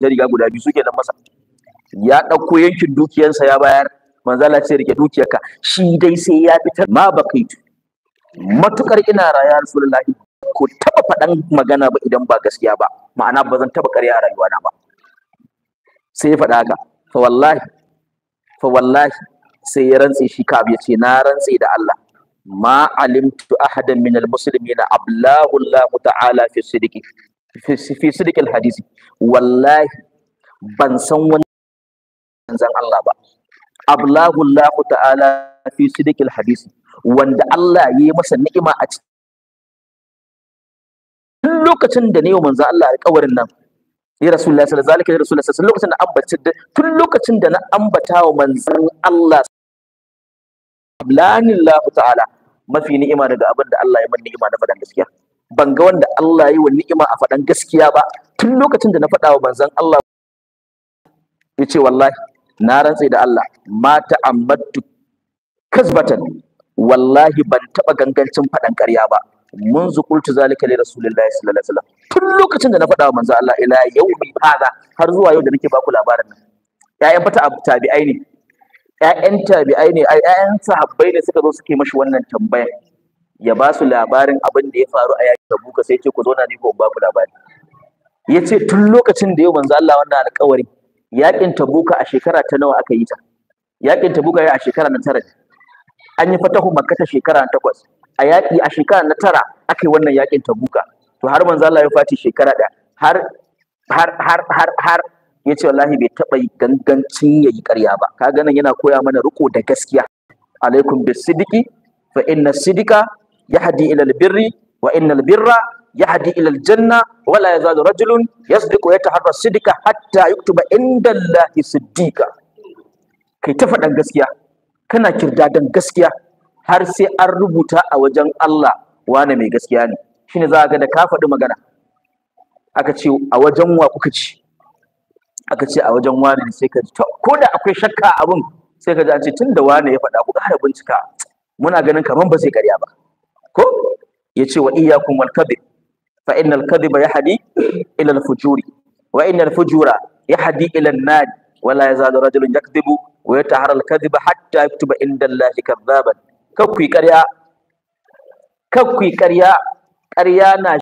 Na riga guda biyu suke nan masa ya ɗauko yankin dukiyarsa ya bayar manzala ce rike dukiyarka shi dai sai ya fitar ma bakaitu matukar ina raya rasulullahi ko taba faɗan magana ba idan ba gaskiya ba ma'ana ba zan taba ƙarya a rayuwana ba sai ya faɗa haka fa wallahi fa wallahi sai ya rantse shi ka ya ce na rantse da Allah ma alimtu ahadan min almuslimina ablahu Allah ta'ala fi sidiki fi sidikil hadisi wallahi ban san wani zan Allah ba ablahu Allah ta'ala fi sidikil hadisi wanda Allah ya yi masa ni'ima a cikin lokacin da ne wa manzon Allah alƙawarin nan ya rasulullah sallallahu alaihi wasallam rasulullah sallallahu lokacin da ambata tun lokacin da na ambata wa manzon Allah ablanillahu ta'ala mafi ni'ima daga abin da Allah ya man ni'ima na fadan gaskiya ban ga wanda Allah yi wa ni'ima a faɗan gaskiya ba tun lokacin da na faɗa wa manzon Allah ya ce wallahi na rantse da Allah mata ammatu kasbatan wallahi ban taɓa gangancin faɗan ƙarya ba mun zukultu zalika li rasulillahi sallallahu tun lokacin da na faɗa wa manzon Allah ila yaumi har zuwa yau da nake baku labarin nan ƴaƴan fata tabi'ai ne ƴaƴan tabi'ai ne ƴaƴan sahabbai ne suka zo suke mashi wannan tambayar ya ba su labarin abin da ya faru a yaki Tabuka sai ce ku zo na ni ko ba ku labari Ya ce tun lokacin da yau manzo Allah wannan alƙawari yakin Tabuka a shekara ta nawa aka yi ta yakin Tabuka ya a shekara na tara an yi fatahu Makka ta shekara na takwas a yaki a shekara na tara aka yi wannan yakin Tabuka to har manzo Allah ya fati shekara da har har har har har Ya ce, wallahi bai taba gangancin yi ƙarya ba kaga nan yana koya mana riko da gaskiya alaikum bisidiki fa inna sidika yahdi ila albirri wa innal birra yahdi ila aljanna wa la yazalu rajulun yasdiqu yataharra sidika, hatta yuktuba inda Allahi siddiqa kai ta faɗan gaskiya kana dan gaskiya har sai an rubuta a wajen Allah wane mai gaskiya ne shine za ga da ka faɗi magana aka ce a wajen wa kuka ci aka ce a wajen wane sai ka ji ko da akwai shakka abin sai ka ji an ce tun da wane ya fada ku ƙara bincika muna ganin kamar ba sai karya ba ko ya ce wa iyakun iyyakum wal kadhib fa ba ya hadi ila al wa wa innal ya hadi ila an nar wa la yazalu rajulun yakdhibu wa yatahara al kadhiba hatta yaktuba inda allahi kadhaban kakkui ƙarya kakkui karya, karya na